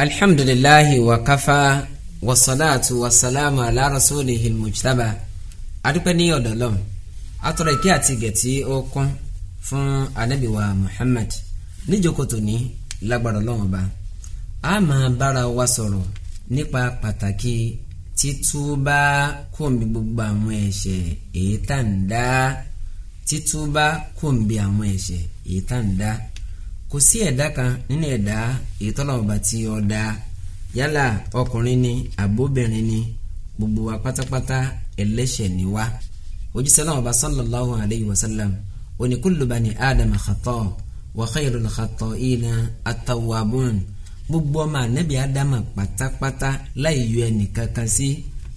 alhamdulilahi wa kafa wasalaatu wasalaamu ala rasulihi mujtaba adúpẹ́ ní ọ̀dọ̀ lọ́m atọ́rọ̀ ìkẹ́ àti gẹ̀tì ó kún fún anabi wa muhammad níjókòó tòní lágbára lọ́wọ́ ba a máa bára wa sọ̀rọ̀ nípa pàtàkì títúbà kòmbi gbogbo àwọn ẹ̀ṣẹ̀ èyí tá ń dá títúbà kòmbi àwọn ẹ̀ṣẹ̀ èyí tá ń dá kò sí ẹ̀dá kan nínú ẹ̀dá ìtọ́lọ́ọ̀bà tí ó dá yálà ọkùnrin ni àbóbìnrin ni gbogbo wa pátápátá ẹlẹ́ṣẹ̀ ni wá ojúṣe náà ọba sallallahu alayhi wa sallam ó ní kullu bani adama khata wa khayrul khata'ina at gbogbo ọmọ ànábì ádámà pátápátá láì yọ ẹnì kankan sí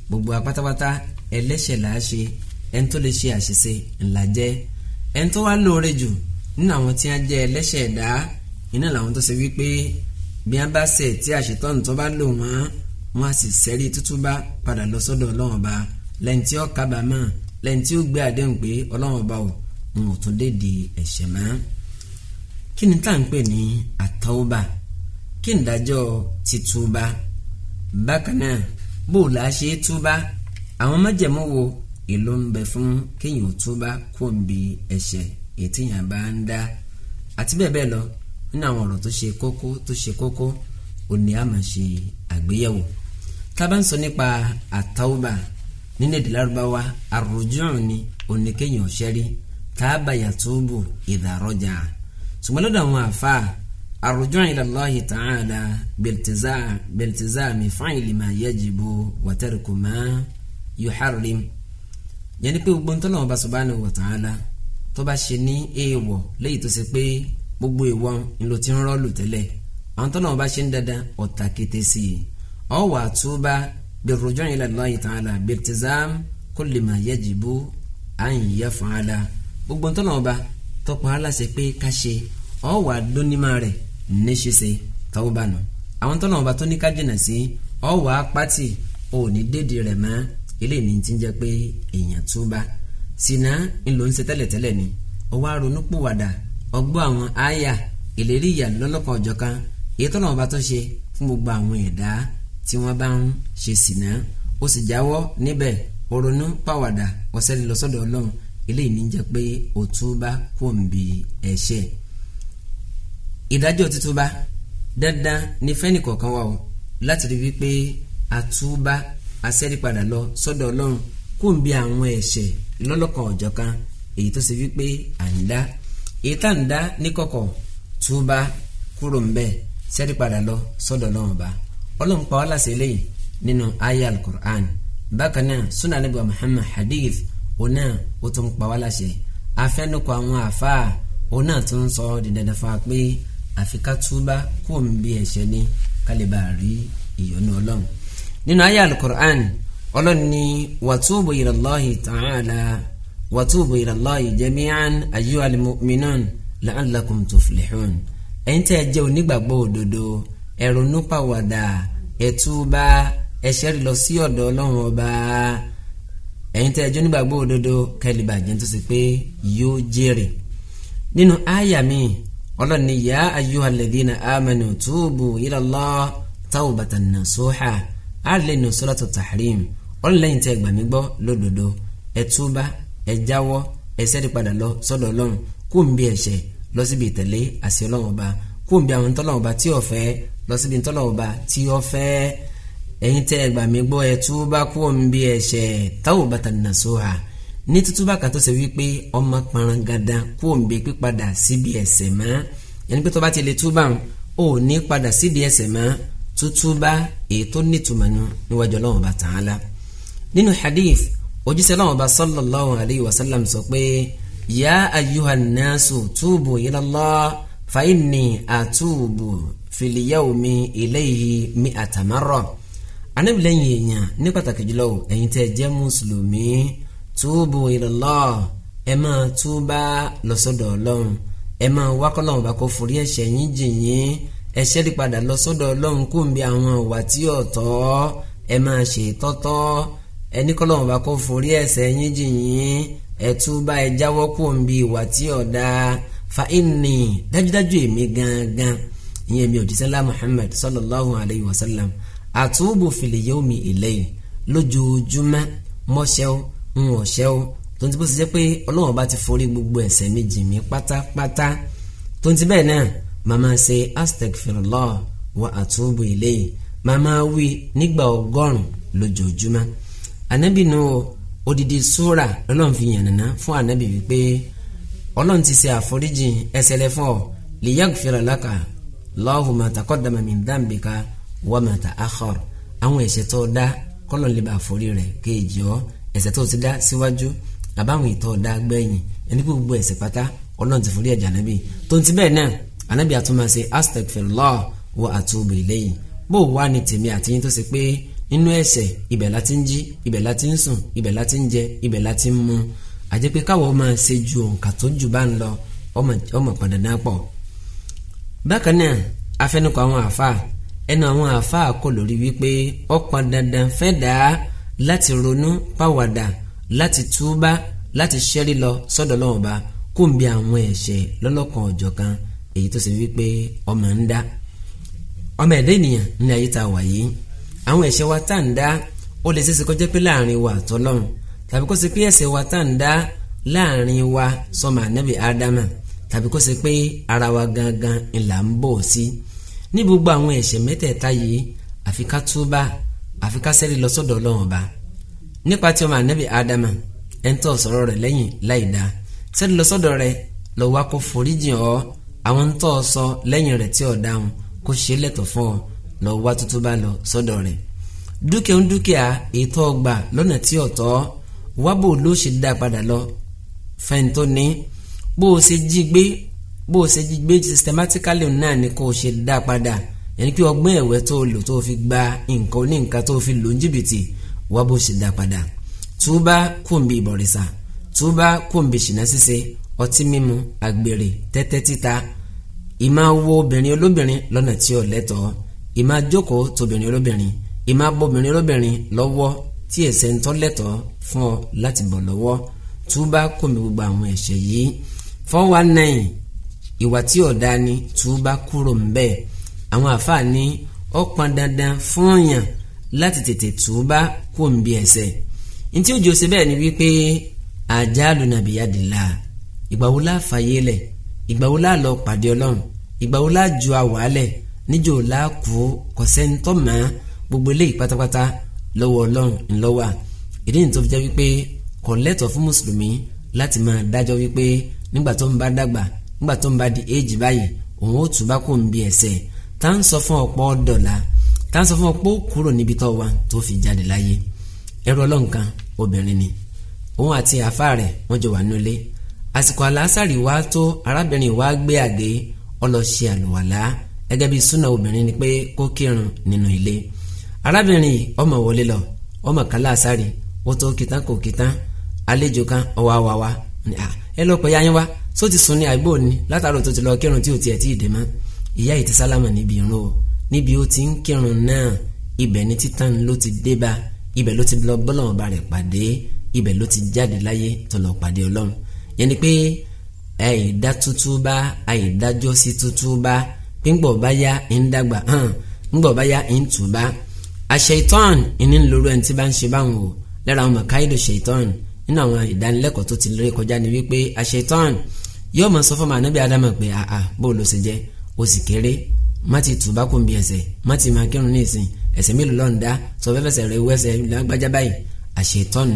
gbogbo wa pátápátá ẹlẹ́ṣẹ̀ làá ṣe ẹni lè ṣe àṣìṣe ńlá jẹ́ ẹni wá lóore jù nínú àwọn tí wọ́n jẹ́ ẹlẹ́ṣẹ̀ ẹ̀dá iná làwọn tó ṣe wípé bí wọ́n bá ṣẹ̀ tí àṣetọ́nù tó bá lò wọ́n wọ́n á sì ṣẹ́rí tútúbá padà lọ sọ́dọ̀ ọlọ́run ọba lẹ́yìn tí ó kábàámọ̀ lẹ́yìn tí ó gbé àdéhùn pé ọlọ́run ọba ò ń tún dé di ẹ̀ṣẹ̀ mọ́. kí ni tá à ń pè ní àtọ́wọ́bà kí ni ìdájọ́ títúbà bákan náà bó o là ṣe é àwọn májẹ̀mú wo èlò ń bẹ fún kéèyàn túbà kó ń bi ẹ̀ṣẹ̀ ètìyàn bá ń dá àti bẹ́ẹ̀ bẹ́ẹ̀ lọ nínú àwọn ọ̀rọ̀ tó ṣe kókó tó ṣe kókó òní àmọ̀ ṣe àgbéyẹ̀wò tá a bá ń sọ nípa àtàwùbà nínú èdè lárúbáwá àròjùn ni oníkéyàn ṣẹ́rí táàbà yàtúbù ìdàrọ́jà ṣùgbọ́n lọ́dọ̀ àwọn àfa àròjùn ilallahi ta'ala biltizami fáìlì ma yajibu wàtẹ́rìkù ma yuharrim yẹn ni pé gbogbo ntọ́lọ́wọ́ bá subhanahu wa ta'ala tó bá ṣe ní èèwọ̀ léyìí tó ṣe pé gbogbo ìwọ ńlò tí ń rọ́ọ̀lù tẹ́lẹ̀ àwọn tó náà bá ṣe ń dandan ọ̀tà kété sí i ọ̀ wà túbà birruju' ila Allahi ta'ala biltizam kulli ma yajibu an yaf'ala gbogbo tó náà bá tọpọ̀ aláṣẹ pé ká ṣe ọ̀ wà dónímà rẹ̀ níṣìṣe tọ́wọ́bànú àwọn tó náà bá tó ní ká jìnà sí ọ̀ wà pátì òní dédìí rẹ̀ mọ́ eléyìí ní ti ń jẹ́ pé èèyàn túbà Sina ńlò ń ṣe tẹ́lẹ̀tẹ́lẹ̀ ni ó wá ronú pòwàdà ọgbọ́ àwọn àyà ìlérí ìyà lọ́lọ́kan ọ̀jọ̀ kan èyí tó náà bá tó ṣe fún gbogbo àwọn ẹ̀dá tí wọ́n bá ń ṣe sìnà ó sì jáwọ́ níbẹ̀ ó ronú pàwàdà ó ṣẹ́rí lọ sọ́dọ̀ Ọlọ́run eléyìí ní jẹ́ pé ó túbá kò ń bi ẹ̀ṣẹ̀ ìdájọ́ títúbá dandan ní fẹ́ni kọ̀ọ̀kan wa o láti rí wípé àtúbá aṣẹ́rí padà lọ sọ́dọ̀ Ọlọ́run kò ń bi àwọn ẹ̀ṣẹ̀ lọ́lọ́kan ọ̀jọ̀ kan èyí tó ṣe wípé à ń dá èyí tá à ń dá ní kọ̀kọ̀ túbá kúrò ń bẹ́ẹ̀ sẹ́rí padà lọ sọ́dọ̀ lọ́wọ́n bá ọlọ́run pa wá láṣẹ eléyìí nínú aya al-Qur'an bákan náà sunan anabi Muhammad hadith ona o tún pa wá láṣẹ afẹnukọ àwọn àfáà ona tún sọ dídáda fún wa pé àfi ká túbá kó ń bí ẹ̀ṣẹ̀ ní kálíbà rí ìyọ́nú ọlọ́run nínú aya al-Qur'an ọlọ́ni wàtúbù ilallahi ta'ala wàtúbù ilallahi jami'an ayyuhal mu'minun la'allakum tuflihun ẹ̀yin tẹ́ ẹ jẹ́ onígbàgbọ́ òdodo ẹ ronú pàwàdà ẹ túbà ẹ ṣẹ́rí lọ sí ọ̀dọ̀ ọlọ́run ọba ẹ̀yin tẹ́ ẹ jẹ́ onígbàgbọ́ òdodo kẹ́lìbà jẹ́ tó ṣe pé yóò jèrè nínú àyà mi ọlọ́ni yá ayyuhal ladhina ọlọ́run lẹ́yìn tí ẹ gbà mí gbọ́ lódodo ẹ túbá ẹ jáwọ́ ẹ ṣẹ́rí padà lọ sọ́dọ̀ ọlọ́run kú ń bí ẹ̀ṣẹ̀ lọ síbi ìtẹ̀lé àṣẹ ọlọ́run ọba kú ń bí àwọn tọ́lọ́run ọba tí ó fẹ́ lọ síbi tọ́lọ́run ọba tí ó fẹ́ ẹ̀yin tẹ́ ẹ gbà mí gbọ́ ẹ túbá ń bí ẹ̀ṣẹ̀ tawbatan nasuha ní tútúbà kan tó ṣe wípé ọmọ parangada kú ń bí pípadà síbi ẹ̀ṣẹ̀ mọ́ ẹni pé tó ti lè túbà ò ní padà síbi ẹ̀ṣẹ̀ mọ́ tútúbà èyí tó nítumọ̀ níwájú ọlọ́run ọba tààlà nínú hadith òjíṣẹ́ Ọlọ́hun Ọba sallallahu alayhi wa sallam sọ pé ya ayyuhan nasu tubu ila Allah fa inni atubu fil yawmi ilayhi mi'ata marra anábìlẹ́yìn èèyàn ní pàtàkì jùlọ ẹ̀yin tẹ́ jẹ́ mùsùlùmí túbù ila ẹ máa túbà lọ́sọ̀dọ̀ ọlọ́run ẹ máa wá k'Ọlọ́run kó forí ẹ̀ṣẹ̀ yín jì yín ẹ̀ṣẹ̀ padà lọ́sọ̀dọ̀ ọlọ́run kò ń bí àwọn ìwà tí ọ̀tọ́ ẹ máa ṣe tọ́tọ́ ẹni kọ́lọ́wọ́n bá kó forí ẹ̀ṣẹ̀ yín jì yín ẹ̀túbá ẹ jáwọ́ kó ń bi ìwà tí ọ̀dà fa inni dájúdájú èmi gangan ìyẹn mi òjíṣẹ́ lá Muhammad sallallahu alayhi wa sallam àtúbù fil yawmi ilayhi lójoojúmọ́ mọ́ṣẹ́ o ń wọ̀ṣẹ́ o tó ń ti bó ṣe jẹ́ pé ọlọ́wọ́n bá ti forí gbogbo ẹ̀ṣẹ̀ mi jì mí pátápátá tó ń ti bẹ́ẹ̀ náà màmá ṣe astaghfirullah wa àtúbù ilayhi màmá wí nígbà ọgọ́rùn-ún lójoojúmọ́ anabi nu odidi sora lọ́lọ́run fi yàn nana fún anabi wípé ọlọ́run ti ṣe àforíjì ẹ̀ṣẹ̀ rẹ fún ọ liyaghfira laka Allahu ma taqaddama min dhanbika wa ma ta'akhkhar àwọn ẹ̀ṣẹ̀ tó dá kọ́lọ̀ lè bá àforí rẹ̀ kéèjì ọ́ ẹ̀ṣẹ̀ tó ti dá síwájú àbáwọn ìtọ́ dá gbẹ̀yìn ẹni gbogbo ẹ̀ṣẹ̀ pátá ọlọ́run ti forí ẹ̀jẹ̀ anabi tó ti bẹ́ẹ̀ náà anabi àtúmọ̀ ṣe astaghfirullah wa atubu ilayhi bó wà ní tèmi àtìyín tó ṣe pé inú ẹ̀ṣẹ̀ ibẹ̀ la ti ń jí ibẹ̀ la ń sùn ibẹ̀ la ń jẹ ibẹ̀ la ń mu àjẹpẹ káwọ máa ṣe ju òǹkà tó jù bá ń lọ ọmọ padà náà pọ̀. bákan náà afẹnukọ àwọn àáfàá ẹnu àwọn àáfàá kò lórí wípé ó pọn dandan fẹ́ dàá láti ronú pàwàdà láti túbá láti ṣẹ́rí lọ sọ́dọ̀ lọ́wọ́ bá kó ń bi àwọn ẹ̀ṣẹ̀ lọ́lọ́kan ọ̀jọ̀ kan èyí tó ṣe wípé ọmọ ń dá ọmọ ẹ̀dá ènìyàn ní ayé tá wà yìí àwọn ẹ̀ṣẹ̀ wa tá à ń dá ó lè ṣeéṣe kó jẹ́ pé láàrin wa àtọ́lọ́run tàbí kó ṣe pé ẹ̀ṣẹ̀ wa tá à ń dá láàrin wa sọmọ ànábì ádámà tàbí kó ṣe pé ara wa gangan ńlá ń bọ̀ sí ní gbogbo àwọn ẹ̀ṣẹ̀ mẹ́tẹ̀ẹ̀ta yìí àfi ká túbà àfi ká sẹ́rí lọ sọ́dọ̀ ọlọ́run ọba nípa tí ọmọ ànábì ádámà ẹni tó sọ̀rọ̀ rẹ̀ lẹ́yìn láì dá sẹ́rí lọ sọ́dọ̀ rẹ̀ lọ́wọ́ kó foríjì ọ́ àwọn tó sọ lẹ́yìn rẹ̀ tí ò dáhùn kó ṣe lẹ́tọ̀ fún ọ lọ wá tuntun bá lọ sọ́dọ̀ rẹ̀ dúkìá ń dúkìá ètò ọgbà lọ́nà tí ọ̀tọ̀ wábò ló ṣe dá padà lọ fẹ́ntó ní bó o ṣe jí gbé bó o ṣe jí gbé systematically náà ni kò ṣe dá padà yẹn kí ọgbọ́n ẹ̀wẹ́ tó lò tó fi gba nǹkan oníǹkan tó fi lò ń jìbìtì wábò ṣe dá padà túbá kùnbi ìbọ̀rìṣà túbá kùnbi ṣìnà ṣíṣe ọtí mímu àgbèrè tẹ́tẹ́ títa ìmáa obìnrin olóbìnrin lọ́nà tí ò lẹ́tọ̀ọ́ ìmá jókòó tóbìnrin olóbìnrin ìmá bóbìnrin olóbìnrin lọ́wọ́ tí ẹ̀ṣẹ̀ ń tọ́lẹ̀tọ̀ fún ọ láti bọ̀ lọ́wọ́ túbá kòmí gbogbo àwọn ẹ̀ṣẹ̀ yìí four one nine ìwà tí ọ̀dà ni túbá kúrò ń bẹ̀ àwọn àfáà ní ó pọn dandan fún yàn láti tètè túbá kòmí bí ẹ̀ṣẹ̀ ntí ó jòsè bẹ́ẹ̀ ni wípé àjálù nàbíyàdìlà ìgbà wo lẹ̀ ìgbà wo pàdé ọlọ́run ìgbà wo la ju níjọ́ làákù kọ̀sẹ́ńtọ́ mọ́ gbogbo eléyìí pátápátá lọ́wọ́ ọlọ́run ńlọ́wà ìdí nìtọ́ fi jẹ́ wípé kò lẹ́tọ̀ fún mùsùlùmí láti máa dájọ́ wípé nígbà tó ń bá dàgbà nígbà tó ń bá di éèjì báyìí òun ó tún bá kó ń bi ẹ̀ṣẹ̀ tá ń sọ fún ọ̀pọ̀ dọ̀là tá ń sọ fún ọ̀pọ̀ kúrò níbi tó wà tó fi jáde láyé ẹrú ọlọ́run kan obìnrin ni òun àti àfa rẹ̀ wọ́n jọ wà nílé àsìkò àlásàrì wa tó arábìnrin wa gbé àgé ọlọ́ṣẹ́ àlùwàlá gẹ́gẹ́ bí súnà obìnrin ni pé kó kírun nínú ilé arábìnrin yìí ọmọ wọlé lọ ọmọ kálá àsárì wọ́n tó kìtá kò kìtá àlejò kan ọwọ́ àwa wa ẹ lọ pẹ̀yà yín wa tó ti sùn ní àgbò ni látàrò tó ti lọ kírun tí ò tiẹ̀ tí ì dé mọ́ ìyá yìí ti sálámà níbi ìrún o níbi ó ti ń kírun náà ibẹ̀ ni títàn ló ti dé bá ibẹ̀ ló ti lọ bọ́lọ̀ ọba rẹ̀ pàdé ibẹ̀ ló ti jáde láyé tó lọ pàdé ọlọ́run yẹn ni pé àìdá tútú bá àìdájọ́ tútú bá ńgbọ̀ bá yá ń dàgbà hàn ńgbọ̀ bá yá ń tùbá àṣetán ìní lóru ẹni tí bá ń ṣe báwọn o lára àwọn mọ̀káìdò ṣetán nínú àwọn ìdánilẹ́kọ̀ọ́ tó ti lórí kọjá ni wípé àṣetán yóò máa sọ fún ọmọ anábì ádámà pé àà bó ló ṣe jẹ́ o sì kéré má ti tùbá kò ń bi ẹ̀ṣẹ̀ má ti máa kírun ní ìsìn ẹ̀ṣẹ̀ mélòó lọ́n da sọ fẹ́ fẹsẹ̀ wẹ́sẹ̀ lágbájá báyìí àṣetán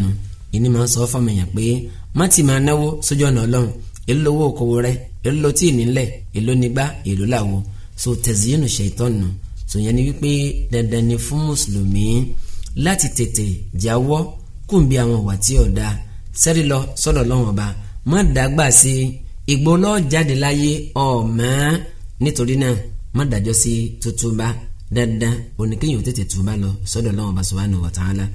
ìní máa so tẹ̀síyìnù ṣètọ́nù so yẹn ni wípé dandan ni fún mùsùlùmí láti tètè jáwọ́ kùn bí àwọn ìwà tí ọ̀dà sẹ́rí lọ sọ́dọ̀ lọ́wọ́n ọba má dàgbà sí ìgbó lọ́ọ́ jáde láyé ọ̀mọ́ nítorí náà má dàjọ́ sí tútúbá dandan oníkéyìn tètè túbá lọ sọ́dọ̀ lọ́wọ́n ọba subhanahu wa ta'ala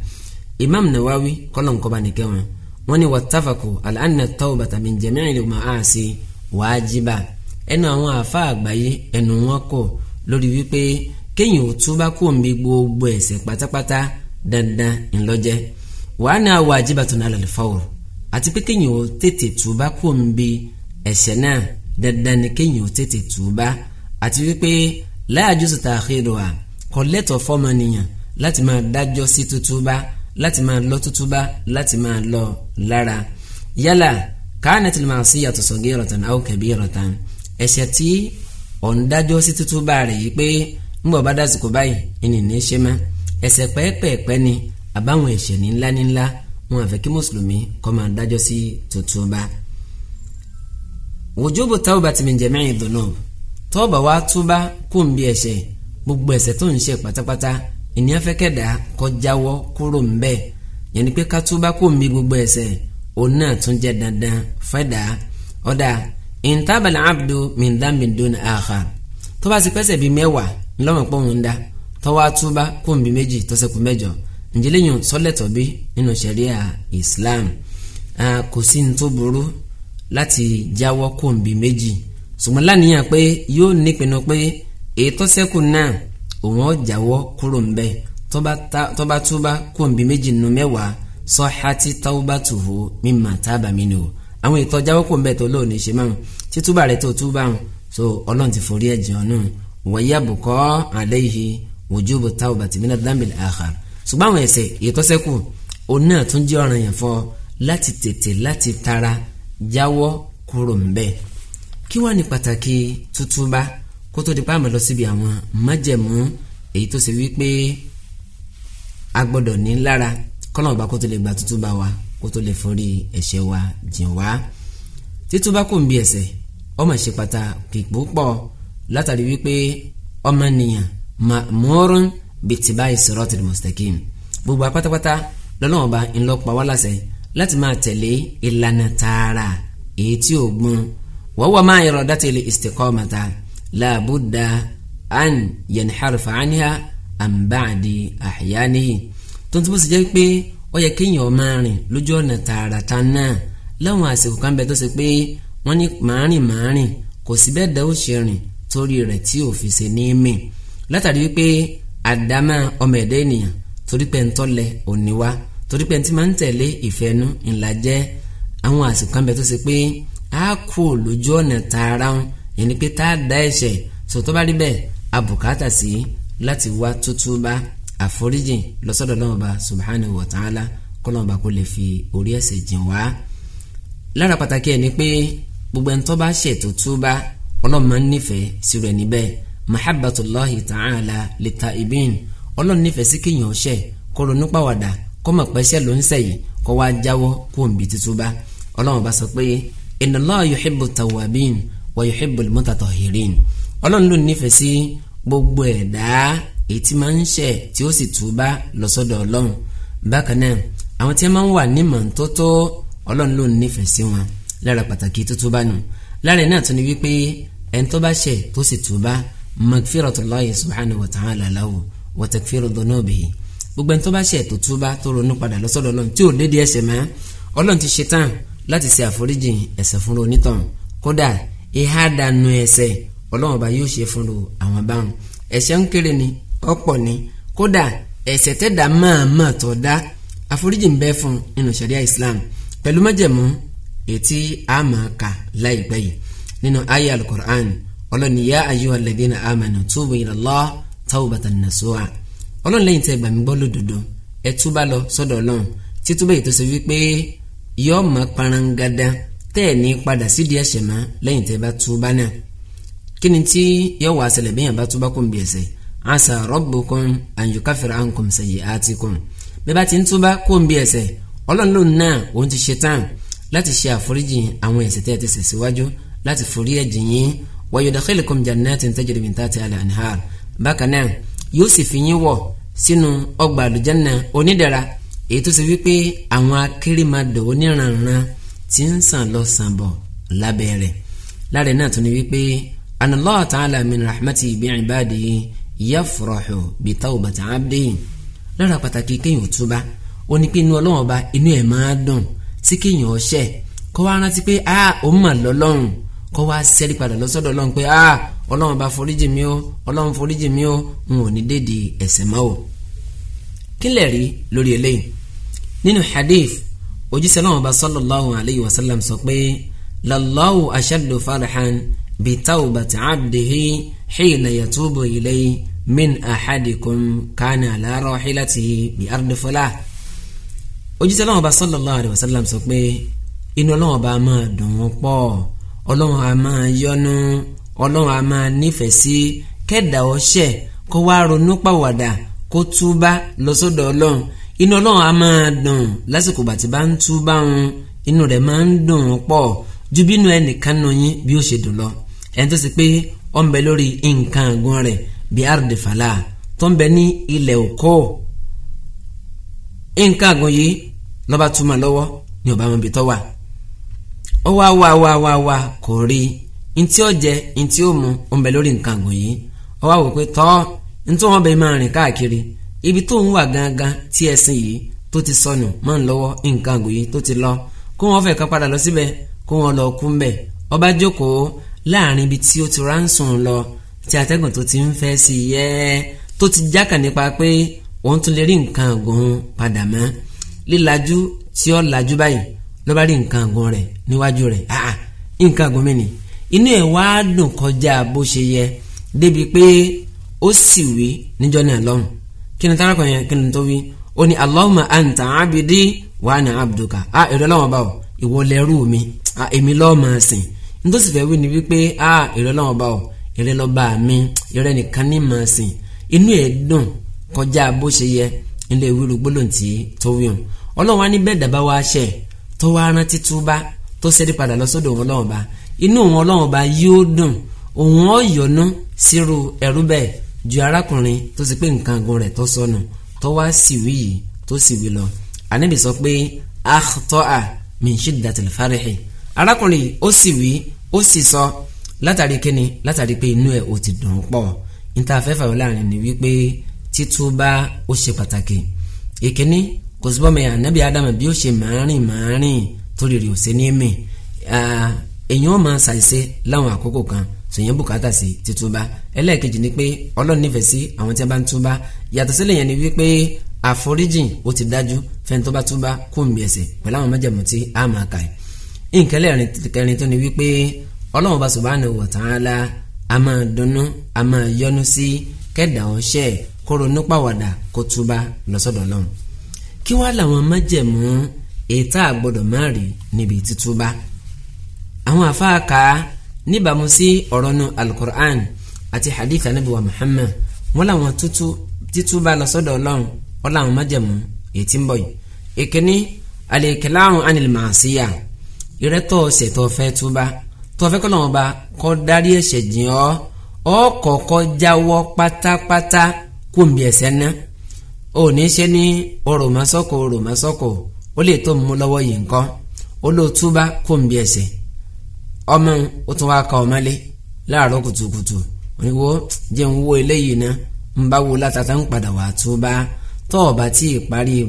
imam nawawi kọ́lọ̀ nkọ́ba nìkẹ́ wọn wọ́n ní wattafaqu ala anna tawbata min jami'il ma'asi wajiba ẹnu àwọn àáfàá àgbáyé ẹnu wọn kò lórí wípé kéèyàn ò túbá kó omi gbogbo ẹ̀ṣẹ̀ pátápátá dandan ńlọ́jẹ́ wàá ní àwọn àjíbàtàn alẹ́ fáwọ̀ àti pé kéèyàn ò tètè túbá kó omi ẹ̀ṣẹ̀ náà dandan ni kéèyàn ò tètè túbá àti wípé láàjú sọ̀tà àkèrò à kọ́ lẹ́tọ̀ fọ́mọnìyàn láti máa dájọ́ sí tútúbá láti máa lọ tútúbá láti máa lọ lára yálà káà nẹ́tìlì máa sí yàtọ̀ sọ̀gẹ́ rọ̀tàn àwọn kẹ̀bí rọ̀tàn ẹ̀ṣẹ̀ tí òun dájọ́ sí tútúbà rẹ̀ yìí pé ńgbọ̀ bá dásìkò báyìí ìní ní ṣe mọ́ ẹ̀ṣẹ̀ pẹ́ẹ́pẹ́ẹ́pẹ́ ni àbáwọn ẹ̀ṣẹ̀ ní ńlá ní ńlá wọn àfẹ́ kí mùsùlùmí kọ́ máa dájọ́ sí tútúbà. wujubu tawbati min jami'i dhunub tọ́ọ̀bà wa túbá kò ń bí ẹ̀ṣẹ̀ gbogbo ẹ̀ṣẹ̀ tó ń ṣe pátápátá ènìyàn fẹ́ kẹ́dà kó jáwọ́ kúrò ń bẹ̀ yẹn ni pé ká túbá kò ń bí gbogbo ẹ̀ṣẹ̀ òun náà tún jẹ́ dandan fẹ́dà ọ̀dà intabal abdu min dambin dun akhar tó bá sì pẹ́sẹ̀ bíi mẹ́wàá ńlọ́mọ̀ pọ̀ ń da tọ́wọ́ àtúbá kó nbí méjì tọ́sẹ̀kù mẹ́jọ ǹjẹ́lẹ́yìn sọ́lẹ̀tọ̀ bí nínú ṣẹ̀ríà Islam kò sí ní tó burú láti jáwọ́ kó nbí méjì ṣùgbọ́n láníyàn pé yóò nípinnu pé èyí tọ́sẹ̀kù náà òun ó jáwọ́ kúrò ń bẹ́ẹ̀ tọ́ba túbá kó méjì nínú mẹ́wàá sọ́hátì àwọn ètò ọjàwó kò ń bẹ tó lóòní ṣe máa títúbà rẹ tó túbà hàn so ọlọ́run ti forí ẹ̀jẹ̀ ọ̀nà wọ̀nyí àbùkọ́ àléhìí wòjú bò tá òbàtì mí náà dábìlì àhàr ṣùgbọ́n àwọn ẹ̀ṣẹ̀ ìyẹ́tọ́sẹ́kù òun náà tún jẹ́ ọ̀ràn yẹn fọ́ láti tètè láti tara jáwọ́ kúrò ń bẹ̀. kí wàá ní pàtàkì tútúbà kó tó di páàmù lọ síbi àwọn májẹ̀mú èyí tó ṣe wípé a ní lára kọ́nà ọ̀bá kó tó lè gba tútúbà wa kó tó lè forí ẹ̀ṣẹ̀ wa jìn wá títúbà kò ń bí ẹ̀ṣẹ̀ ó mà ṣe pàtàkì púpọ̀ látàrí wípé ọmọnìyàn ma'murun bitibai siratil mustaqim gbogbo apátápátá lọ́lọ́wọ́n bá ńlọpa wá láṣẹ láti máa tẹ̀lé ìlànà tààrà èyí tí ò gbọ́n wọ́wọ́ máa yẹrọ dátìlì istiqamata làbúdà an yanharifa anha an ba'di ahyanihi tó ń túbọ̀ sí jẹ́ pé ó yẹ kéèyàn máa rìn lójú ọ̀nà tààràtà náà láwọn àsìkò kan bẹ tó ṣe pé wọ́n ní màárìn màárìn kò sí bẹ́ẹ̀ dá ó ṣe rìn torí rẹ̀ tí ò fi ṣe ní mì látàrí wípé àdámà ọmọ ẹ̀dá ènìyàn torí pé ń tọ́lẹ̀ òní wá torí pé ń ti máa ń tẹ̀lé ìfẹ́nu ńlá àwọn àsìkò kan bẹ tó ṣe pé a kú lójú ọ̀nà tààrà wọn yẹn ni pé tá a dá ẹ̀ṣẹ̀ sọ̀tọ́ bá rí bẹ́ẹ̀ abùkátà sí láti wá tútúbá àforíjì lọ́sọ̀dọ̀ Ọlọ́run Ọba subhanahu wa ta'ala kọ́lọ́run Ọba kó lè fi orí ẹ̀ṣẹ̀ jìn wá. lára pàtàkì ẹ̀ ni pé gbogbo ẹni tó bá ṣẹ̀ tó túbá Ọlọ́run máa ń nífẹ̀ẹ́ sí rẹ̀ níbẹ̀ mahabbatullahi ta'ala litaibin Ọlọ́run nífẹ̀ẹ́ sí kéèyàn ṣẹ̀ kó ronú pàwàdà kó mọ̀ pẹ́ṣẹ̀ ló ń ṣẹ̀ yìí kó wá jáwọ́ kó ń bi títúbá Ọlọ́run sọ pé inna Allaha yuhibbu tawwabin wa yuhibbul mutatahhirin Ọlọ́run ló nífẹ̀ẹ́ sí gbogbo ẹ̀dá èyí tí máa ń ṣẹ̀ tí ó sì túbá lọ sọ́dọ̀ ọlọ́run bákan náà àwọn tí máa ń wà ní mọ̀ntótó ọlọ́run ló ń nífẹ̀ẹ́ sí wọn lára pàtàkì tó túbá nù lára náà tún ni wípé ẹni tó bá ṣẹ̀ tó sì túbá magfiratullahi subhanahu wa ta'ala lahu wa takfiru dhunubihi gbogbo ẹni tó bá ṣẹ̀ tó túbá tó ronú padà lọ sọ́dọ̀ ọlọ́run tí ò lédi ẹ̀ṣẹ̀ mọ́ ọlọ́run ti ṣe tán láti ṣe àforíjì ẹ̀ṣẹ̀ fún onítàn kódà ìhádànù ẹ̀ṣẹ̀ ọlọ́run ọba yóò ṣe fún ni ọ̀pọ̀ ni kódà ẹ̀ṣẹ̀ tẹ́dà máàmá tó dá àforíjì ń bẹ fún nínú ṣàríà Islam pẹ̀lú májẹ̀mú ètí àmàkà láìpẹ́ yìí nínú ayé alukur'an ọlọ́ni yá ayyuhal ladhina amanu tubu ila Allah tawbatan nasuha ọlọ́run lẹ́yìn tẹ́ gbàmí gbọ́ lódodo ẹ túbà lọ sọ́dọ̀ ọlọ́run títúbẹ̀ yìí tó ṣe wípé yọ ọmọ parangada tẹ́ ẹ̀ ní padà sídìí ẹ̀ṣẹ̀ mọ́ lẹ́yìn tẹ́ bá túbà náà kí ni tí yọ wà ṣẹlẹ̀ bẹ́yàn bá túbà kò ń bí ẹ̀ṣẹ̀ yìí asa rabbukum an yukaffira ankum sayyi'atikum bẹ́ẹ̀ bá ti ń túbá kó ń bí ẹ̀ṣẹ̀ ọlọ́run lòun náà òun ti ṣe tán láti ṣe àforíjì àwọn ẹ̀ṣẹ̀ tẹ́ ẹ ti ṣẹ̀ síwájú láti forí ẹ̀jìn yín wa yudkhilukum jannatin tajri min tahtiha al-anhar bákan náà yóò sì fi yín wọ̀ sínú ọgbà àlùjánnà onídẹ̀ra èyí tó ṣe wípé àwọn akérèmàdò oníranran ti ń sàn lọ sàn bọ̀ lábẹ́ rẹ̀ lára náà tún ni wípé anallahu ta'ala min rahmati bi ibadihi yafrahu bi tawbati abdihi lára pàtàkì kéèyàn túbá ó ní pé inú ọlọ́run ọba inú ẹ̀ máa dùn tí kéèyàn ọṣẹ kó wá rántí pé a ò mà lọ́lọ́run kó wá sẹ́rí padà lọ́sọ́dọ̀ ọlọ́run pé a ọlọ́run ọba foríjì mi ó ọlọ́run foríjì mi ó n ò ní dédé ẹ̀ṣẹ̀ mọ́ o. kí lè rí lórí eléyìí nínú hadith òjíṣẹ́ ọlọ́run ọba sallallahu alayhi wa sallam sọ pé lallahu ashaddu farahan bitawbati abdihi hiina yatubu ilayhi min ahadikum kana ala rahilatihi bi ardi fulah ojúṣe ọlọ́wọ́n ọba sallallahu alayhi wa sallam sọ pé inú ọlọ́wọ́n ọba máa dùn wọ́n pọ̀ ọlọ́wọ́n a máa yọ́nú ọlọ́wọ́n a máa nífẹ̀ẹ́ sí kẹ́dà ọṣẹ́ kó wá ronú pàwàdà kó túbá lọ́sọ̀dọ̀ ọlọ́run inú ọlọ́wọ́n a máa dùn lásìkò bàtí bá ń túbá wọn inú rẹ̀ máa ń dùn wọ́n pọ̀ ju bínú ẹnìkan nù yín bí ó ṣe dùn lọ ẹni tó sì pé ó ń bẹ lórí nǹkan àgùn rẹ bí ardi tó ń bẹ ní ilẹ̀ nǹkan àgùn yìí lọ́ba túmọ̀ ní ọba ó wá wá kò rí ntí ó jẹ ntí ó mu ó ń bẹ lórí nǹkan àgùn yìí ó wá wò pé ibi tó ń gangan tí yìí tó ti sọnù máa ń lọ́wọ́ nǹkan àgùn yìí tó lọ kó fẹ́ ká ọba jókòó láàrin ibi tí ó ti ránṣùn lọ tí atẹ́gùn tó ti ń fẹ́ sí i yẹ́ tó ti jákà nípa pé wọ́n tún lè rí nǹkan ọ̀gùn padà mọ́ lílajú tí ó lajú báyìí ló bá rí nǹkan ọ̀gùn rẹ̀ níwájú rẹ̀ ah nǹkan ọ̀gùn mi nì inú ẹ̀ wá dùn kọjá bó ṣe yẹ débi pé ó sì wí níjọ́ náà lọ́hùn kí ni tárakọ̀ yẹn kí ni tó wí ó ní Allahumma anta abidi wa ana abduka ah èrè lọ́wọ́ báwo ìwọ lẹ́rú mi ah èmi lọ́ọ́ máa sìn n tó sì fẹ́ wí ni wípé a ìrẹ́ náà bá ọ ìrẹ́ lọ bá mi ìrẹ́ nìkan ní màá sìn inú ẹ̀ dùn kọjá bó ṣe yẹ ilé ìwúrú gbólóǹtì tó wíwọ̀n ọlọ́run wa ní bẹ́ẹ̀ dàbá wa ṣẹ̀ tó wá rántí túbá tó ṣẹ́rí padà lọ sọ́dọ̀ òun ọlọ́run ba inú òun ọlọ́run ba yóò dùn òun ọ̀yọ́nú sírú ẹ̀rú bẹ́ẹ̀ ju arákùnrin tó ti pé nǹkan gun rẹ̀ tó sọnù tó wá sì wí yìí tó sì wí lọ ànábì sọ pé akhtoa min shiddatil farihi arákùnrin ó sì wí ó sì sọ látàrí kíni látàrí pé inú ẹ̀ ò ti dùn pọ̀ níta afẹ́fà láàrin ni wípé títúbà ó ṣe pàtàkì ìkíní kò sí bọ́mọ ànábì ádámù bí ó ṣe màárìn màárìn torí rè ó ṣe ní mì èèyàn máa ṣàìṣe láwọn àkókò kan sèyàn bùkátà sí títúbà ẹlẹ́ẹ̀kejì ni pé ọlọ́run nífẹ̀ẹ́ sí àwọn tí a bá ń túbà yàtọ̀ sílẹ̀ yẹn ni wípé àforíjìn ó ti dájú fẹ́ni tó bí ẹ̀ṣẹ̀ pẹ̀lú àwọn májẹ̀mú tí nǹkan lẹ́ẹ̀rin tó ni wípé ọlọ́run bá subhanahu wa ta'ala a máa dunnú a máa yọ́nú sí kẹ́dà ọ̀ṣẹ́ kó ronú pàwàdà kó túbà lọ́sọ̀dọ̀ ọlọ́run kí wàá làwọn májẹ̀mú ètà àgbọ̀dọ̀ má rí níbi títúbà àwọn àfáàkà níbàámu sí ọ̀rọ̀ nu alukur'an àti hadith anabi wa muhammad wọn làwọn tútú títúbà lọ́sọ̀dọ̀ ọlọ́run wọn làwọn májẹ̀mú ètí ń bọ̀ yìí ìkíní alẹ́ kẹlẹ́ àwọn anil ìrẹ́tọ̀ ọ̀sẹ̀ tó fẹ́ túbá tó fẹ́ kọ́nà ọba kọ́ dárí ẹ̀ṣẹ̀ jìn ọ́ ọ́ kọ̀ọ̀kọ́ jáwọ́ pátápátá kó mi ẹ̀ṣẹ̀ ná ò ní ṣe ní òròmọ́sọ́kọ̀ òròmọ́sọ́kọ̀ ó lè tó mú lọ́wọ́ yìí nǹkan ó ló túbá kó mi ẹ̀ṣẹ̀ ọmọ ó tún wá ka ọmọlé láàárọ̀ kùtùkùtù òníwó jẹ́ ń wo eléyìí ná ń bá wo látàtà ń padà tí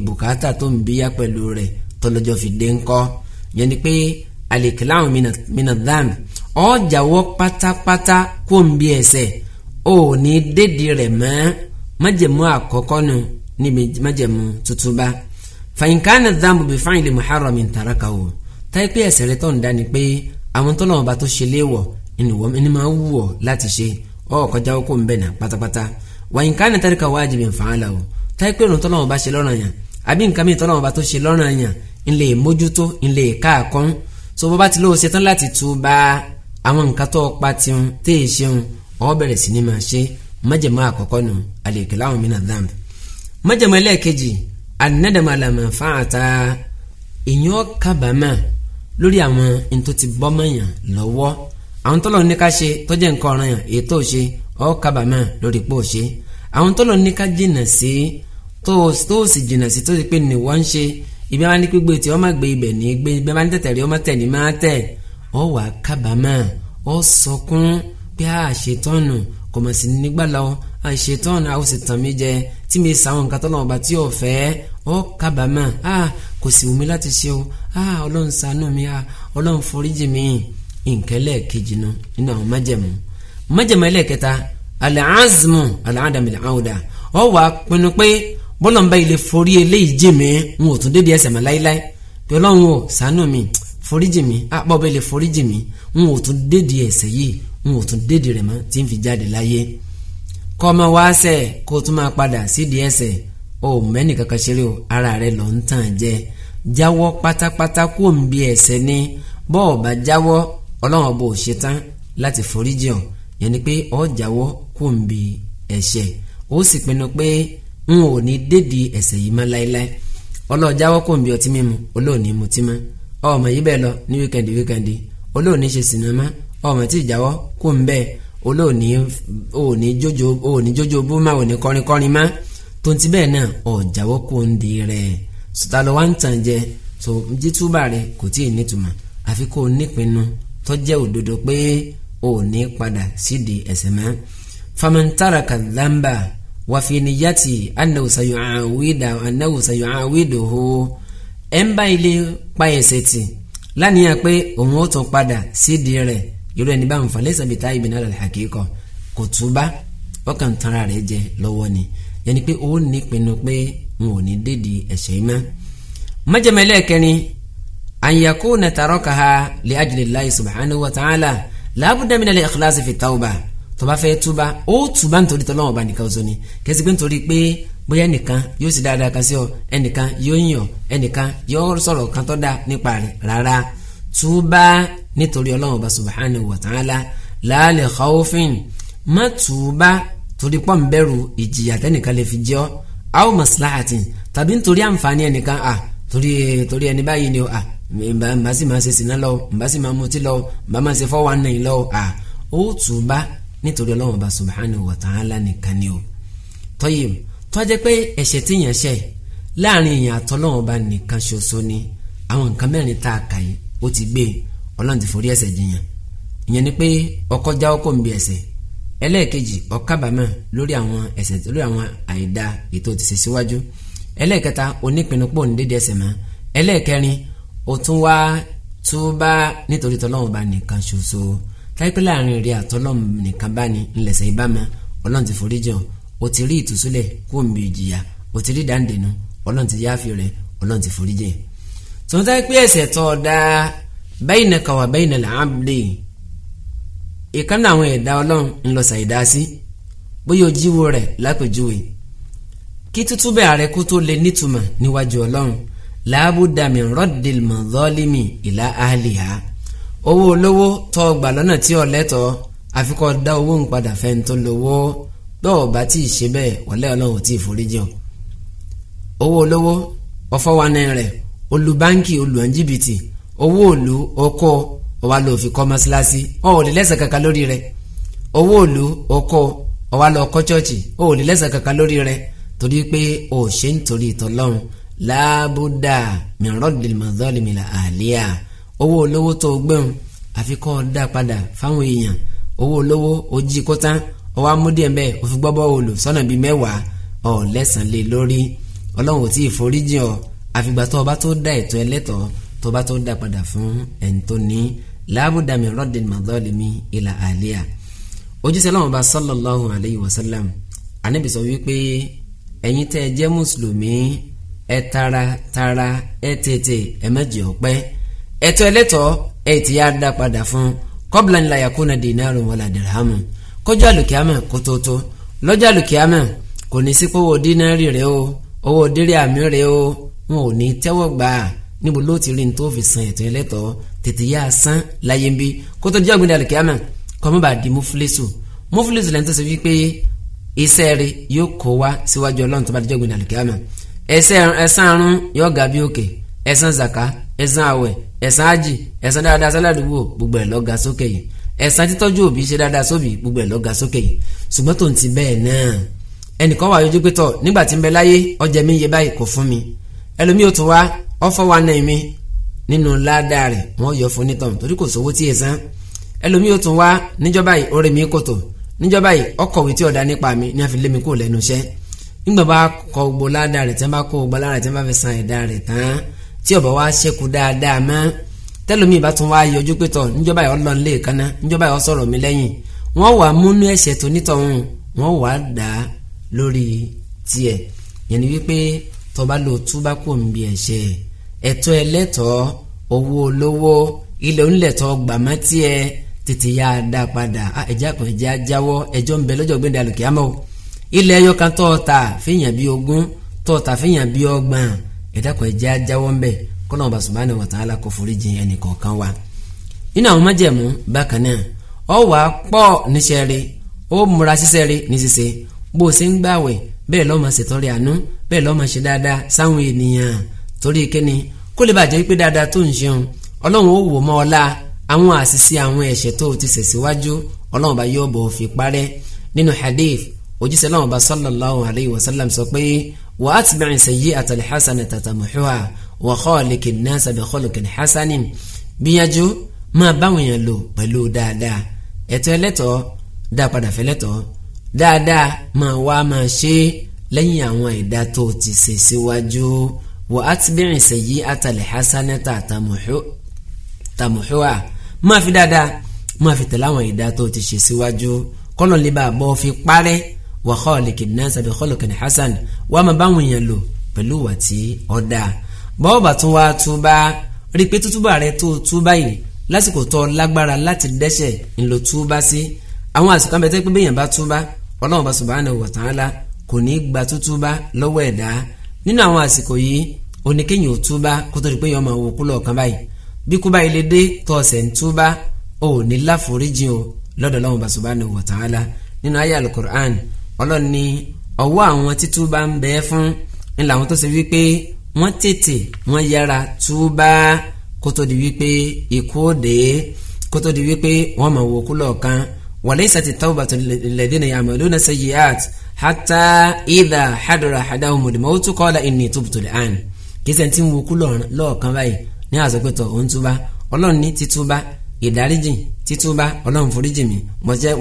bùkátà tó ń bíyà pẹ̀lú rẹ̀ fi dé ńkọ́ yẹn ni pé mina minadam ọjàwọ pátápátá kó n bí ẹ̀ṣẹ̀ ò ní dédìí rẹ̀ mọ́ májẹ̀mú àkọ́kọ́ nu níbi májẹ̀mú tuntun bá fàyínkáàna dáàmú bí fáyìn lè muharram ntaraka o táyì pé ẹ̀ṣẹ̀ rẹ̀ tó ń dání pé àwọn tó náà bá tó ṣe léèwọ̀ ìnìwọ ẹni máa wù ọ́ láti ṣe ọ kọjá okó ń bẹ náà pátápátá wàyínkáàna taraka wájibin fàálà o táyì pé ìrùn tó náà bá ṣe lọ́ranyàn àbí nǹkan mìíràn tó náà bá tó ṣe lọ́ranyàn ńlẹ̀ mójútó ńlẹ̀ káàkọ́n so bó bá ti lóò ṣetán láti tú bá àwọn nǹkan tó pa tiun tẹ́ ẹ ṣeun ó bẹ̀rẹ̀ sí ni máa ṣe májẹ̀mọ́ àkọ́kọ́ nù al-iqla'u mina dhanb májẹ̀mọ́ ẹlẹ́ẹ̀kejì an-nadama ala ma fa'ata èèyàn kábàámà lórí àwọn ntó ti bọ́mọ̀yàn lọ́wọ́ àwọn tọ́lọ̀ ní ká ṣe tọ́jẹ́ nǹkan ọ̀ràn yàn èyí tó ṣe ó kábàámà lórí pò ṣe àwọn tọ́lọ̀ ní ká jìnà sí tó sì jìnà sí tó sì pé ní wọ́n ṣe ibi máa ní gbígbé tí ó má gbé ibẹ̀ ní gbé ibẹ̀ máa ń tẹ̀tẹ̀ rí ó má tẹ̀ ní má tẹ̀ ọ wà kábàámà ọ sọkún pé a ṣètọ́nù kò mọ̀ sí nígbà lọ a ṣètọ́nù a ó sì tàn mí jẹ tí mi sàwọn nǹkan tọ́lọ̀ ọba tí ò fẹ́ ọ kábàámà a kò sì wù mí láti ṣe o a ọlọ́run ṣàánú mi a ọlọ́run foríjì mi nǹkan lẹ́ẹ̀kejì nu nínú àwọn májẹ̀mú májẹ̀mú ẹlẹ́ẹ̀kẹta alẹ́ azmu alẹ́ adamu bọ́lọ̀ ń bá ilé forí eléyìí jì mí n ò tún débi ẹsẹ̀ mọ́ láíláí pé ọlọ́run ò ṣàánú mi foríjì mi àpọ̀ bẹ́ẹ̀ lè foríjì mi n ò tún dédi ẹsẹ̀ yìí n ò tún dédi rẹ̀ mọ́ tí n fi jáde láyé kọ́ ọmọ wá sẹ̀ kó o tún máa padà sídìí ẹsẹ̀ o mẹ́ni kankan ṣeré o ara rẹ̀ lọ ń tàn jẹ jáwọ́ pátápátá kó n bí ẹsẹ̀ ni bọ́ọ̀ bá jáwọ́ ọlọ́run ọba ò ṣetán láti foríjì ọ̀ yẹn ni pé ọ jáwọ́ kó n bí ẹsẹ̀ ó sì pinnu pé n ò ní dédi ẹsẹ yìí mọ́ láéláé ọlọ́ọ̀já wọ́pọ̀ nbí ọtí mímu olóòní mutí mọ́ ọmọ yìí bẹ́ẹ̀ lọ ní wíkẹ́ndì wíkẹ́ndì olóòní ṣe sinimá ọmọ tí ìjáwọ́ kò bẹ́ẹ̀ olóòní òní jójó òní jójó bó má òní kọrin kọrin má ti bẹ́ẹ̀ náà ọ̀jáwọ́ kò di rẹ̀ sọta lọ ń tàn jẹ tó jítúbà rẹ kò tí ì nítumọ̀ àfi kó nípinnu tó òdodo pé òní padà sídìí wàfi níyàtì anáwó sayọ̀hánwídà anáwó sayọ̀hánwídò hó ẹ̀ ń bá ilé pa ẹ̀sẹ̀ tì lánìyàn pé òun ó tún padà sídìí rẹ̀ irú ẹni bá ń fa lẹ́sẹ̀ bíi táyì bìnnà lọ́la àkíkọ kò túbá ọkàn tanra rẹ̀ jẹ lọ́wọ́ ni yẹni pé ó ní pinnu pé n ò ní dédìí ẹ̀ṣẹ̀ yìí mọ́. májèmẹ́lẹ́ kẹrin àyàkó nàtàrọ́ kàá lè ajìlélá subhanahu wa ta'ala làbúdàmínà lè ikhlas tó bá tuba túbá ó túbá nítorí tọ́lọ́run ọba nìkan ọ̀zọ́ ni kẹ́sì pé nítorí pé bóyá ẹnìkan yóò sì dáadáa kan sí ọ ẹnìkan yóò yàn ẹnìkan yóò sọ̀rọ̀ kan tó dáa nípa rẹ̀ rárá túbá nítorí ọlọ́run ọba subhanahu wa ta'ala la li khawfin má tuba torí pọ́n bẹ̀rù ìjìyà tẹ́nìkan lè fi jẹ́ ọ́ aw maslahatin tàbí nítorí àǹfààní ẹnìkan à torí torí ẹni báyìí ni ó à mbà sì máa ṣe sìnà lọ mbà sì máa mutí lọ mbà máa ṣe fọ́wọ́ ànàyìn lọ à ó túbá nítorí ọlọ́run ọba subhanahu wa ta'ala nìkan ni o tọ́yìm tọ́jẹ́ pé ẹ̀ṣẹ̀ tí yẹn ṣẹ̀ láàrin èèyàn àtọ́lọ́run ọba nìkan ṣoṣo ni àwọn nǹkan mẹ́rin tá a kà yìí ó ti gbé ọlọ́run ti forí ẹ̀ṣẹ̀ jiyàn ìyẹn ni pé ọkọ já ọkọ ń bi ẹ̀ṣẹ̀ ẹlẹ́ẹ̀kejì ó kábàámọ̀ lórí àwọn ẹ̀ṣẹ̀ lórí àwọn àìda ètò ti ṣe síwájú ẹlẹ́ẹ̀kẹta onípinnupọ̀ ní dédé ẹ̀ṣẹ̀ mọ́ ẹlẹ́ẹ̀kẹrin ó tún wá túbá nítorí tọ́lọ́run ọba nìkan ṣoṣo káyipẹ́ láàrin rẹ̀ àtọ́lọ́m nìkan bá ní ńlẹ̀sẹ̀ ìbámu ọlọ́run ti forí jọ o ti rí ìtúsílẹ̀ kó o mi ìjìyà o ti rí dáńdẹ̀nu ọlọ́run ti yááfi rẹ̀ ọlọ́run ti forí jẹ. tòun táyé pé ẹ̀ṣẹ̀ tọ́ ọ dáa bẹ́ẹ̀ nà kàwá bẹ́ẹ̀ nà làámúlẹ̀ ìkànnì àwọn ẹ̀dá ọlọ́run ńlọsà ìdá sí bóyá ojíwo rẹ̀ lápèjúwe kí tútúbẹ̀ ààrẹ kó tó lè nítumọ̀ níwájú ọlọ́run làábùdàmí rọ́dìlmọ̀dọ́límì ìlà áhàlìhà owó olówó tọ́ gbà lọ́nà tí ò lẹ́tọ̀ọ́ àfi kó dá owó ń padà fẹ́ ń tó lówó bẹ́ẹ̀ bá tí ì ṣe bẹ́ẹ̀ wọlé ọlọ́run tí ì foríjì o owó olówó ọfọwani rẹ̀ olú báńkì olùwọ̀n jìbìtì owó òlu ọkọ ọwa lọ fi kọ́ mọ́ṣáláṣí ọ ò lè lẹ́sẹ̀ kankan lórí rẹ̀ owó òlu ọkọ ọwa lọ kọ́ chọ́ọ̀chì ọ ò lè lẹ́sẹ̀ kankan lórí rẹ̀ torí pé o ṣe ń torí ìtọ́lọ́run láàbùdà mìíràn dìlmọ̀dọ́lìmìlà àlíyà owó olówó tó o gbẹ̀hùn àfi kọ́ ọ dá padà fáwọn èèyàn owó olówó o jí kó tán ọwọ́ amúdíẹ̀ bẹ́ẹ̀ o fi gbọ́bọ́ olù sọ́nà bíi mẹ́wàá ọ̀ lẹ́sàn-án lé lórí ọlọ́run ò tí ì foríjì ọ àfìgbà tó o bá tó dá ètò ẹlẹ́tọ̀ọ́ tó o bá tó dá padà fún ẹni tó ní láàbùdàmì rọ́dìn màdọ́ọ̀lìmí ìlà àlíyà ojúṣe láwọn ọba sallallahu alayhi wa sallam anabi sọ wípé ẹ̀yin tẹ́ ẹ jẹ́ mùsùlùmí ẹ tara tara ẹ tètè ẹ má jẹ́ ẹ̀tọ́ ẹlẹ́tọ̀ọ́ ẹ̀ ti yá dá padà fún kọ́bìlà ńlá yakuna dinaru wala dirhamu kọjá lùkìámẹ̀ kó tó tó lọ́jà lùkìámẹ̀ kò ní sí pọ́wọ́ dínárì rẹ o owó dírí àmì rẹ o wọn ò ní tẹ́wọ́ gbà á níbo ló ti rí ní tó fi san tètè yá san láyé bí kó tó jẹ́ ògbìndà lùkìámẹ̀ di mufilisu mufilisu lẹ́nu tó ṣe fi pé iṣẹ́ rẹ yóò kó wá síwájú ọlọ́run tó bá di jẹ́ ògbìndà lùkìámẹ̀ ẹ̀san àrùn yóò ga bí òkè ẹ̀san zaka ẹ̀san àwẹ̀ ẹ̀san àjì ẹ̀san dáadáa sáládùúgbò gbogbo ẹ̀ lọ́ga sókè yìí ẹ̀san títọ́jú òbí ṣe dáadáa sóbì gbogbo ẹ̀ lọ́ga sókè yìí ṣùgbọ́n tó ń ti bẹ́ẹ̀ náà ẹnìkan wà yọjú pé nígbà tí ń bẹ láyé ọjà mi yẹ báyìí kò fún mi ẹlòmíì ò tún wá ọ̀fọ̀ wa náà mi nínú ládàá rẹ̀ wọ́n yọ fún nítàn torí kò sówó tí ẹ̀san ẹlòmíì ò tún wá níjọba yìí orí mi kòtò níjọba yìí ọkọ̀wé tí ọ̀dà nípa mi ní àfi lé mi kúrò lẹ́nu iṣẹ́ nígbà bá kọ gbogbo ládàá rẹ̀ tí wọ́n bá kó gbogbo ládàá rẹ̀ tí wọ́n bá fi san ẹ̀dá rẹ̀ tán tí ọba wa ṣẹ́kù dáadáa mọ́ tẹ́lómi ìbá tún wá yọjú pé tọ̀ níjọba yọ lọ nílé kaná níjọba yọ sọ̀rọ̀ mi lẹ́yìn wọ́n wà múnú ẹ̀ṣẹ̀ tó nítọ̀hún wọ́n wà dá lórí tiẹ̀ yẹn ni wípé tọba lò túbá kò ń bi ẹ̀ṣẹ̀ ẹ̀tọ́ ẹlẹ́tọ̀ọ́ owó olówó ilẹ̀ onílẹ̀tọ́ gbàmọ́ tiẹ̀ tètè yá a dá padà ẹ̀já kan ẹ̀já jáwọ́ ẹjọ́ ń bẹ lọ́jọ́ gbẹ́ndé alùkìyàmọ́ ilẹ̀ ẹyọ kan fìyàn bíi ogún tọ́ọ̀ta fìyàn bíi ọgbọ̀n ẹ̀dàkọ̀ ẹ̀jẹ̀ ajáwọ́ ń bẹ̀ kọ́nà ọba subhanahu wa ta'ala kó foríjì ẹnì kọ̀ọ̀kan wa. nínú àwọn májẹ̀mú bákan náà ọ wà á pọ̀ níṣẹ́ rí ó múra ṣiṣẹ́ rí ní ṣiṣẹ́ bó o ṣe ń gbàwẹ̀ bẹ́ẹ̀ lọ́ọ́ máa ṣètọ́rẹ́ àánú bẹ́ẹ̀ lọ́ọ́ máa ṣe dáadáa sáwọn ènìyàn torí kíni kó lè bàjẹ́ pé dáadáa tó ń ṣeun ọlọ́run ó wò mọ́ ọlá àwọn àṣìṣe àwọn ẹ̀ṣẹ̀ tó ti ṣẹ̀ síwájú ọlọ́run bá yọ̀ bọ̀ fi parẹ́ nínú hadith òjíṣẹ́ náà bá sallallahu alayhi wa sallam sọ pé wa atbi'i sayyi'ata al-hasanata tamhuha wa khaliqi an-nasa bi khuluqin hasanin gbìyànjú máa báwọn èèyàn lò pẹ̀lú dáadáa ẹ̀tọ́ ẹlẹ́tọ̀ọ́ dá padà fẹ́lẹ́tọ̀ọ́ dáadáa máa wá máa ṣe lẹ́yìn àwọn ẹ̀dá tó ti ṣe síwájú wa atbi'i sayyi'ata al-hasanata tamhuha máa fi dáadáa máa fi tẹ̀lé àwọn ẹ̀dá tó ti ṣe síwájú kọ́nà lè bá a bọ́ fi parẹ́ wa khaliqin nasa bi khuluqin hasan wà á máa bá àwọn èèyàn lò pẹ̀lú ìwà tí ó dáa bọ́ọ̀bà tún wá túbá rí i pé tútúbà rẹ tó túbá yìí lásìkò tó lágbára láti dẹ́ṣẹ̀ ńlò túbá sí àwọn àsìkò àbẹ̀tẹ́ pé bẹ́yàn bá túbá ọlọ́run bá subhanahu wa ta'ala kò ní gba tútúbá lọ́wọ́ ẹ̀dá nínú àwọn àsìkò yìí oníkéyìn ò túbá kó tó di pé yọmọ òwò kú lọ́ọ̀kan báyìí bí kú báyìí lè tó ọ̀sẹ̀ ń túbá ò ní láforíjì o lọ́dọ̀ ọlọ́run bá subhanahu wa ta'ala nínú àyá al ọlọ́run ní ọwọ́ àwọn títúbà ń bẹ fún ń làwọn tó ṣe wípé wọ́n tètè wọ́n yára túbà kó tó di wípé ikú dé kó tó di wípé wọ́n máa wò kú lọ́ọ̀kan walaysati tawbatu lilladhina ya'maluna sayyi'at hatta idha hadara ahaduhumul mawtu qala inni tubtu al-an kí sẹ́ńtì ń wò kú lọ́ọ̀kan báyìí ní àzọ́pẹ̀tọ̀ òun túbà ọlọ́run ní títúbà ìdáríjì títúbà ọlọ́run foríjì mi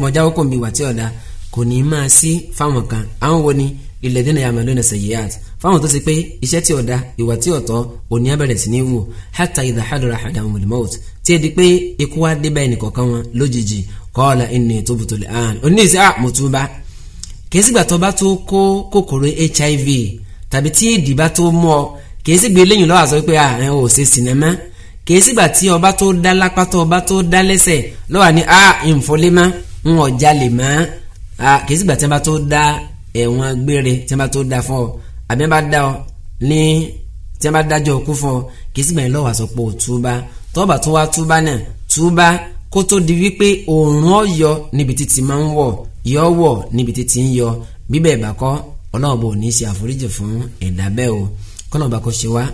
mọ̀já mi wà tí ọ̀dà kò ní máa sí fáwọn kan àwọn wo ni ilẹ̀ dínà yà máa lónà sayyi'at fáwọn tó ṣe pé iṣẹ́ tí ọ̀dà ìwà tí ọ̀tọ́ òní abẹ́rẹ́ sí ní wù hatta idha hadara ahaduhumul mawt tí ẹ di pé ikú wa dé báyìí nìkọ̀ọ̀kan wọn lójijì qala inni tubtu al-an oníṣẹ́ à ah, mo tún bá kìí sígbà tó bá tó kó kòkòrò HIV tàbí tí èdè bá tó mú ọ kìí sígbà lẹ́yìn lọ́wọ́ àṣọ pé àrùn ah, ò ṣe sinimá kìí sígbà tí ọba tó dá lápá tó ọba tó dá lẹ́sẹ̀ lọ́wọ́ ni à ah, ń fọlé má ń kì í sígbà tí wọ́n bá tó dá ẹ̀wọ̀n gbére tí wọ́n bá tó da fún ọ àbí wọ́n bá dá ọ ní tí wọ́n bá dájọ́ òkú fún ọ kì í sígbà yẹn lọ́wọ́ àsopọ̀ túbá tọ́ọ̀bà tó wá túbá náà túbá kó tó di wípé òòrùn ọ̀yọ́ níbi títí máa ń wọ̀ yọ wọ̀ níbi títí ń yọ bíbẹ̀ ìbàkọ́ ọlọ́ọ̀bù ò ní ṣe àforíjì fún ẹ̀dá bẹ́ẹ̀ o kọ́lọ́ọ̀bà kò ṣe wá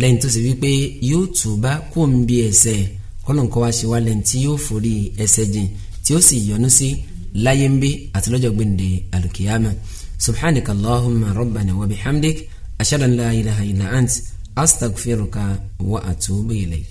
lẹ́yìn tó ṣe wípé yóò túbá kó ń bi ẹ̀ṣẹ̀ kọ́lọ́ọ̀kọ́ wá ṣe wá lẹ́yìn tí yóò forí ẹ̀ṣẹ̀ jìn tí ó sì yọ́nú sí láyé ń bí àti lọ́jọ́ gbẹ̀ǹde alukiyama subhanaka allahumma rabbana wa bihamdik ashhadu an la ilaha illa ant astaghfiruka wa atubu ilayk.